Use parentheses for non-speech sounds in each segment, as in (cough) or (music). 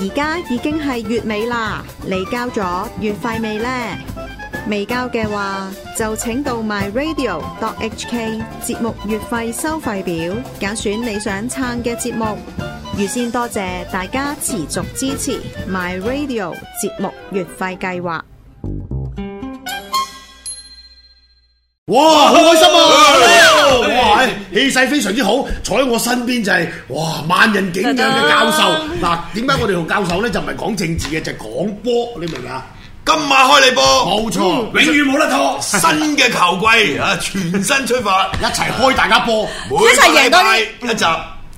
而家已經係月尾啦，你交咗月費未咧？未交嘅話，就請到 MyRadio.HK 節目月費收費表，揀選你想撐嘅節目。預先多謝大家持續支持 MyRadio 節目月費計劃。哇！好開心啊！氣勢非常之好，坐喺我身邊就係、是、哇萬人景仰嘅教授。嗱的，點解我哋同教授咧就唔係講政治嘅，就講、是、波，你明唔明啊？今晚開你波，冇錯錯，嗯、永遠冇得拖。嗯、新嘅球季啊，全新出發， (laughs) 一齊開大家波， (laughs) 每禮拜一，贏一集。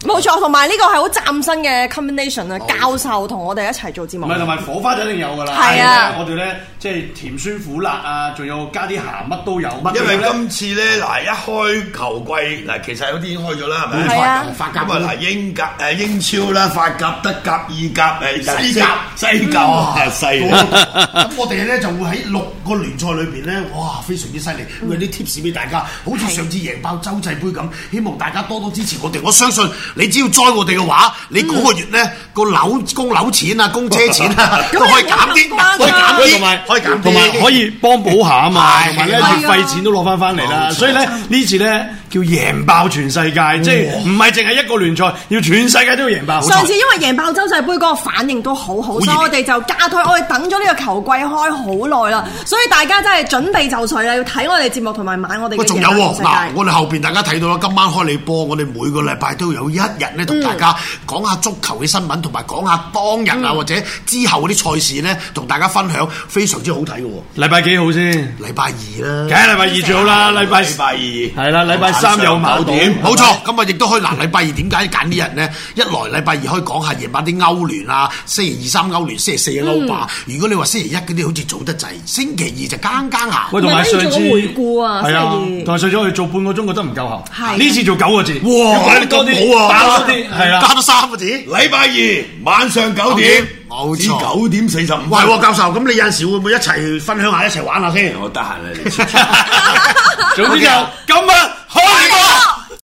冇錯，同埋呢個係好嶄新嘅 combination 啊！教授同我哋一齊做節目，唔係同埋火花就一定有㗎啦。係啊，我哋咧即係甜酸苦辣啊，仲有加啲鹹乜都有。乜。因為今次咧嗱，一開球季嗱，其實有啲已經開咗啦，係咪？冇錯，係啊。咁啊嗱，英格誒英超啦，法甲、德甲、意甲誒西甲、西甲啊，西！咁我哋咧就會喺六個聯賽裏邊咧，哇，非常之犀利。我哋啲 tips 俾大家，好似上次贏爆洲際杯咁，希望大家多多支持我哋。我相信。你只要栽我哋嘅話，你嗰個月咧個樓供樓錢啊，供、嗯、車錢啊， (laughs) 都可以減啲， (laughs) 可以減有可以減同埋可以幫補下啊嘛，同埋咧月費錢都攞翻翻嚟啦。 (laughs) 嗯、所以咧呢 (laughs) 次咧。叫贏爆全世界，即係唔係淨係一個聯賽，要全世界都要贏爆。上次因為贏爆洲際杯嗰個反應都好好，所以我哋就加推。我哋等咗呢個球季開好耐啦，所以大家真係準備就緒啦，要睇我哋節目同埋買我哋嘅。哇，仲有嗱，我哋後邊大家睇到啦，今晚開你播，我哋每個禮拜都有一日咧同大家講下足球嘅新聞，同埋講下當日啊或者之後嗰啲賽事咧，同大家分享非常之好睇嘅。禮拜幾號先？禮拜二啦，梗係禮拜二最好啦。禮拜二係啦，禮拜。三有矛盾，冇錯。咁啊，亦都可以。嗱，禮拜二點解揀啲人咧？一來禮拜二可以講下夜晚啲歐聯啊，星期二三歐聯，星期四歐霸。如果你話星期一嗰啲好似早得滯，星期二就更更行。我同埋上次，係啊，同埋上次我做半個鐘覺得唔夠喉。呢次做九個字，哇，多啲，多啲，係啦，加多三個字。禮拜二晚上九點，好似九點四十五。喂，教授，咁你有陣時會唔會一齊分享下，一齊玩下先。我得閒啊。主持人，今日可以嗎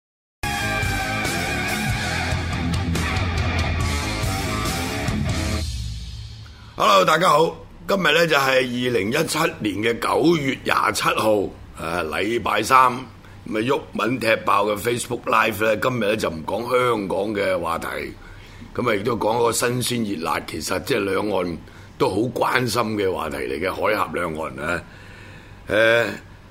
？Hello，大家好，今日咧就係二零一七年嘅九月廿七號，誒禮拜三，咁啊，毓民踢爆嘅 Facebook Live 咧，今日咧就唔講香港嘅話題，咁啊，亦都講一個新鮮熱辣，其實即係兩岸都好關心嘅話題嚟嘅。海峽兩岸啊，誒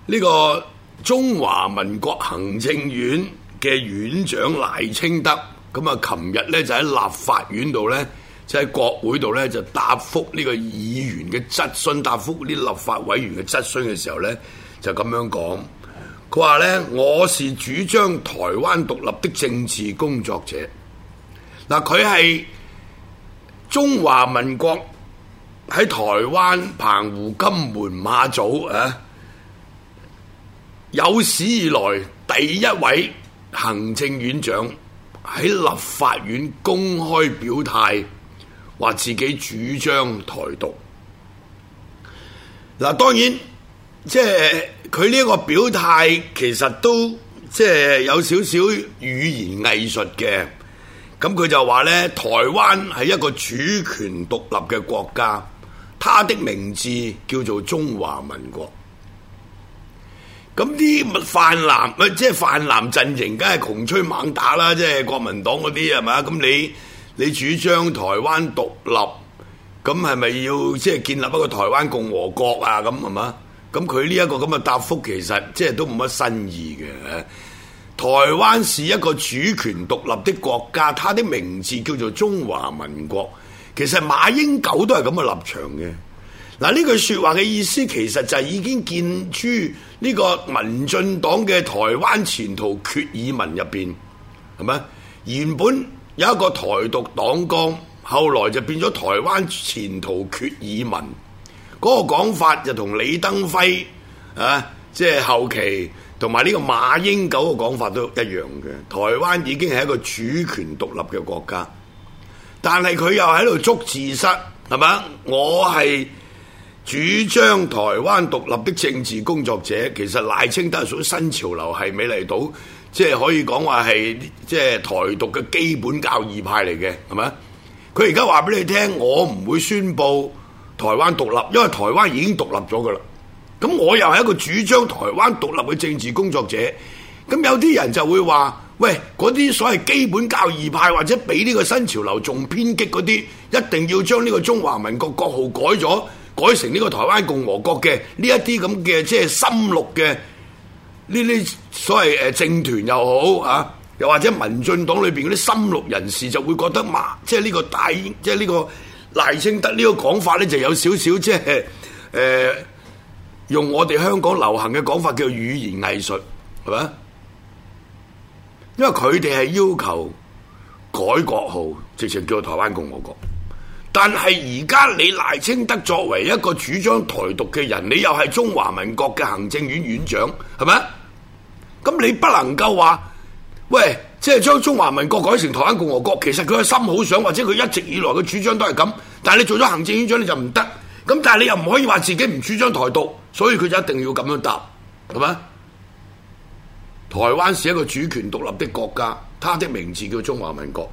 呢個。中華民國行政院嘅院長賴清德，咁啊，琴日咧，就喺立法院度咧，就喺國會度咧就答覆呢個議員嘅質詢，答覆呢立法委員嘅質詢嘅時候咧，就咁樣講，佢話咧，我是主張台灣獨立的政治工作者。嗱，佢係中華民國喺台灣澎湖金門馬祖啊。有史以來第一位行政院長喺立法院公開表態，話自己主張台獨。嗱，當然即係佢呢個表態，其實都即係有少少語言藝術嘅。咁佢就話咧，台灣係一個主權獨立嘅國家，它的名字叫做中華民國。咁啲泛藍，唔即係泛藍陣營，梗係窮追猛打啦！即係國民黨嗰啲係嘛？咁你你主張台灣獨立，咁係咪要即係建立一個台灣共和國啊？咁係嘛？咁佢呢一個咁嘅答覆，其實即係都冇乜新意嘅。台灣是一個主權獨立的國家，它的名字叫做中華民國。其實馬英九都係咁嘅立場嘅。嗱，呢句說話嘅意思，其實就係已經見諸呢個民進黨嘅台灣前途決議文入邊，係咪？原本有一個台獨黨綱，後來就變咗台灣前途決議文嗰個講法，就同李登輝啊，即係後期同埋呢個馬英九嘅講法都一樣嘅。台灣已經係一個主權獨立嘅國家，但係佢又喺度捉字虱，係咪？我係。主張台灣獨立的政治工作者，其實賴清德係屬於新潮流，係美麗島，即係可以講話係即係台獨嘅基本教義派嚟嘅，係咪？佢而家話俾你聽，我唔會宣佈台灣獨立，因為台灣已經獨立咗噶啦。咁我又係一個主張台灣獨立嘅政治工作者。咁有啲人就會話，喂，嗰啲所謂基本教義派，或者比呢個新潮流仲偏激嗰啲，一定要將呢個中華民國國號改咗。改成呢個台灣共和國嘅，呢一啲咁嘅即係深綠嘅呢啲所謂誒、呃、政團又好啊，又或者民進黨裏邊嗰啲深綠人士就會覺得嘛，即係呢個大即係呢個賴清德呢個講法咧，就有少少即係誒、呃、用我哋香港流行嘅講法叫做語言藝術，係咪？因為佢哋係要求改國號，直情叫做台灣共和國。但係而家你賴清德作為一個主張台獨嘅人，你又係中華民國嘅行政院院長，係咪？咁你不能夠話，喂，即係將中華民國改成台灣共和國。其實佢嘅心好想，或者佢一直以來嘅主張都係咁。但係你做咗行政院長你就唔得。咁但係你又唔可以話自己唔主張台獨，所以佢就一定要咁樣答，係咪？台灣是一個主權獨立的國家，它的名字叫中華民國。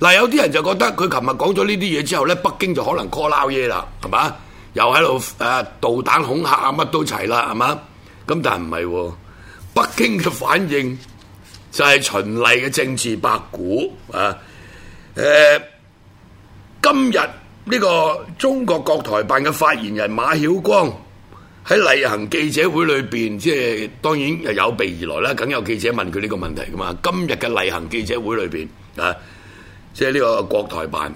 嗱，有啲人就覺得佢琴日講咗呢啲嘢之後咧，北京就可能 call o 嘢啦，係嘛？又喺度誒導彈恐嚇啊，乜都齊啦，係嘛？咁但係唔係，北京嘅反應就係循例嘅政治八股啊！誒、啊，今日呢個中國國台辦嘅發言人馬曉光喺例行記者會裏邊，即、就、係、是、當然係有備而來啦，梗有記者問佢呢個問題噶嘛、啊？今日嘅例行記者會裏邊啊～即係呢個國台辦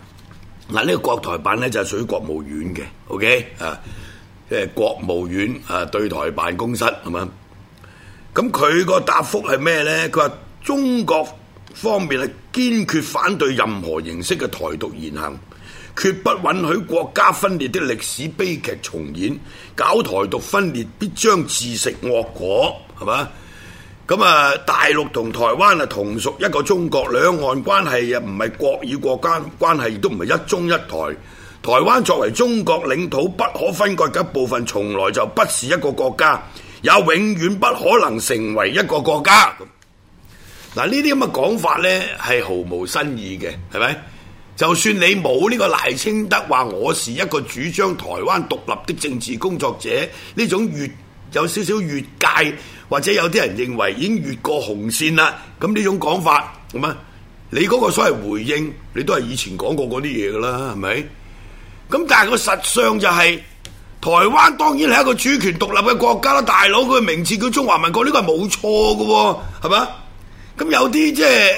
嗱，呢個國台辦咧就係屬於國務院嘅，OK 啊？誒，國務院啊，對台辦公室係嘛？咁佢個答覆係咩咧？佢話中國方面係堅決反對任何形式嘅台獨言行，決不允許國家分裂的歷史悲劇重演，搞台獨分裂必將自食惡果，係嘛？咁啊，大陸同台灣啊，同屬一個中國，兩岸關係啊，唔係國與國間關係，亦都唔係一中一台。台灣作為中國領土不可分割嘅一部分，從來就不是一個國家，也永遠不可能成為一個國家。嗱，呢啲咁嘅講法咧，係毫無新意嘅，係咪？就算你冇呢個賴清德話我是一個主張台灣獨立的政治工作者，呢種越有少少越界，或者有啲人認為已經越過紅線啦。咁呢種講法，咁啊，你嗰個所謂回應，你都係以前講過嗰啲嘢噶啦，係咪？咁但係個實相就係、是，台灣當然係一個主權獨立嘅國家啦。大佬佢名字叫中華民國，呢、這個係冇錯嘅，係嘛？咁有啲即係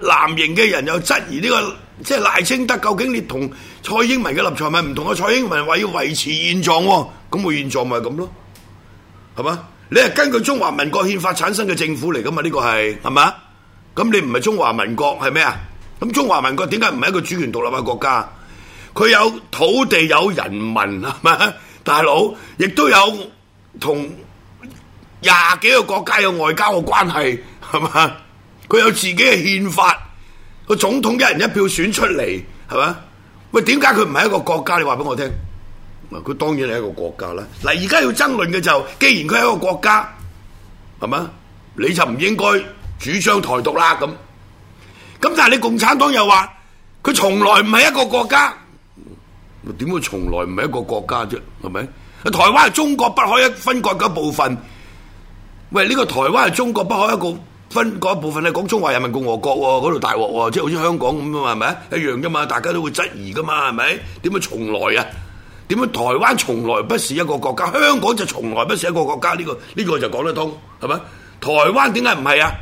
誒藍營嘅人又質疑呢、這個，即係賴清德究竟你同蔡英文嘅立場係咪唔同啊？蔡英文話要維持現狀，咁、那個現狀咪咁咯？係嘛？你係根據中華民國憲法產生嘅政府嚟噶嘛？呢個係係嘛？咁你唔係中華民國係咩啊？咁中華民國點解唔係一個主權獨立嘅國家？佢有土地有人民係嘛？大佬亦都有同廿幾個國家有外交嘅關係係嘛？佢有自己嘅憲法，個總統一人一票選出嚟係嘛？喂，點解佢唔係一個國家？你話俾我聽。佢當然係一個國家啦。嗱，而家要爭論嘅就，既然佢係一個國家，係咪？你就唔應該主張台獨啦。咁，咁但係你共產黨又話佢從來唔係一個國家。點會從來唔係一個國家啫？係咪？台灣係中國不可一分割嘅一部分。喂，呢個台灣係中國不可一個分割一部分，你講中華人民共和國喎，嗰度大鑊喎，即係好似香港咁啊，係咪？一樣啫嘛，大家都會質疑噶嘛，係咪？點會從來啊？點樣？台灣從來不是一個國家，香港就從來不是一個國家。呢個呢個就講得通，係咪？台灣點解唔係啊？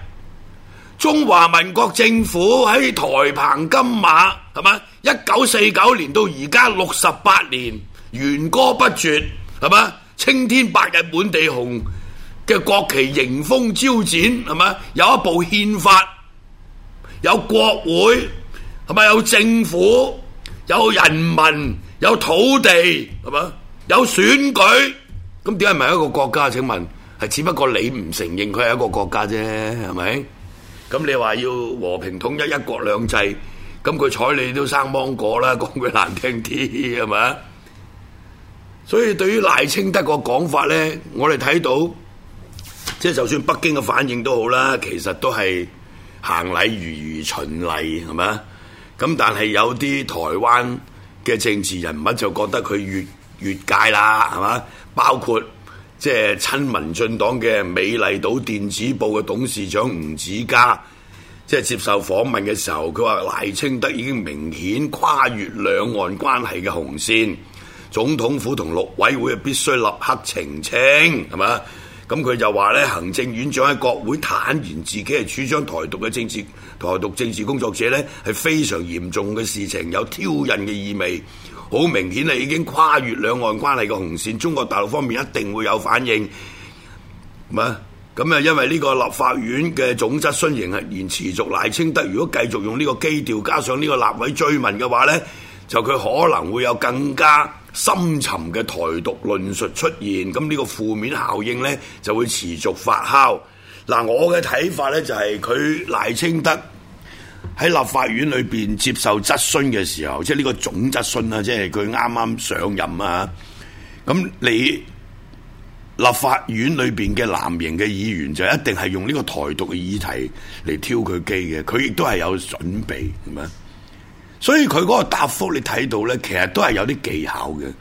中華民國政府喺台澎金馬，係咪？一九四九年到而家六十八年，言歌不絕，係咪？青天白日滿地紅嘅國旗迎風招展，係咪？有一部憲法，有國會，係咪？有政府，有人民。有土地係嘛？有選舉，咁點解唔係一個國家？請問係只不過你唔承認佢係一個國家啫，係咪？咁你話要和平統一一國兩制，咁佢睬你都生芒果啦。講句難聽啲，係咪？所以對於賴清德個講法呢，我哋睇到即係就算北京嘅反應都好啦，其實都係行禮如儀循例係嘛？咁但係有啲台灣嘅政治人物就覺得佢越越界啦，係嘛？包括即係、就是、親民進黨嘅美麗島電子報嘅董事長吳子嘉，即、就、係、是、接受訪問嘅時候，佢話賴清德已經明顯跨越兩岸關係嘅紅線，總統府同陸委會必須立刻澄清，係嘛？咁佢就話，咧，行政院長喺國會坦言自己係主張台獨嘅政治台獨政治工作者咧，係非常嚴重嘅事情，有挑釁嘅意味，好明顯，係已經跨越兩岸關係嘅紅線，中國大陸方面一定會有反應。咁啊，因為呢個立法院嘅總質詢仍係延持續賴清德，如果繼續用呢個基調，加上呢個立委追問嘅話，咧，就佢可能會有更加。深沉嘅台獨論述出現，咁呢個負面效應呢就會持續發酵。嗱，我嘅睇法呢就係，佢賴清德喺立法院裏邊接受質詢嘅時候，即係呢個總質詢啊，即係佢啱啱上任啊，咁你立法院裏邊嘅藍營嘅議員就一定係用呢個台獨嘅議題嚟挑佢機嘅，佢亦都係有準備咁啊。所以佢嗰個答覆你睇到咧，其實都係有啲技巧嘅。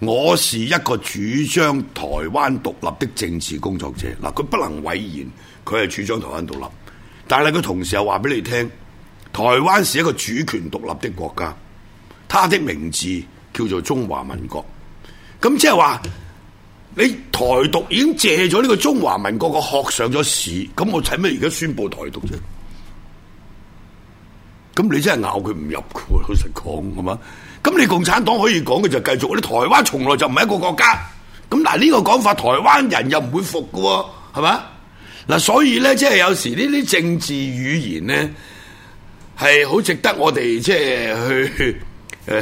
我是一個主張台灣獨立的政治工作者，嗱，佢不能諱言，佢係主張台灣獨立，但係佢同時又話俾你聽，台灣是一個主權獨立的國家，他的名字叫做中華民國。咁即係話，你台獨已經借咗呢個中華民國個殼上咗市，咁我使咩而家宣布台獨啫？咁你真係咬佢唔入，佢老實講，係嘛？咁你共產黨可以講嘅就繼續，你台灣從來就唔係一個國家。咁嗱呢個講法，台灣人又唔會服嘅，係嘛？嗱，所以咧，即係有時呢啲政治語言咧，係好值得我哋即係去、呃、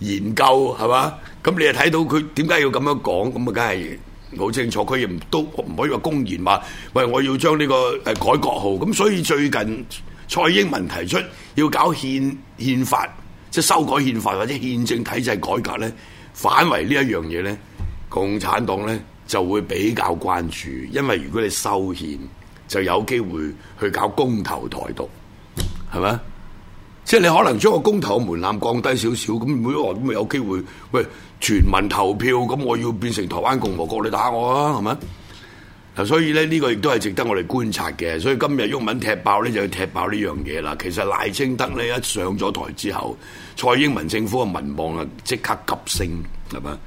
研究，係嘛？咁你又睇到佢點解要咁樣講？咁啊，梗係好清楚，佢亦都唔可以話公然話，喂，我要將呢、這個誒、呃、改國號。咁所以最近。蔡英文提出要搞憲憲，憲法，即係修改憲法或者憲政體制改革咧，反為呢一樣嘢咧，共產黨咧就會比較關注，因為如果你修憲，就有機會去搞公投台獨，係咪？ (laughs) 即係你可能將個公投門檻降低少少，咁每一個都咪有機會，喂，全民投票，咁我要變成台灣共和國，你打我啊，係咪？所以咧，呢個亦都係值得我哋觀察嘅。所以今日毓民踢爆咧，就要踢爆呢樣嘢啦。其實賴清德咧一上咗台之後，蔡英文政府嘅民望啊，即刻急升係嘛。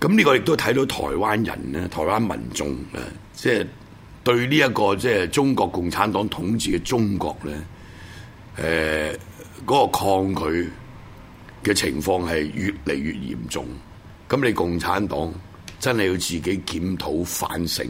咁呢個亦都睇到台灣人咧、台灣民眾啊，即係對呢一個即係中國共產黨統治嘅中國咧，誒嗰個抗拒嘅情況係越嚟越嚴重。咁你共產黨真係要自己檢討反省。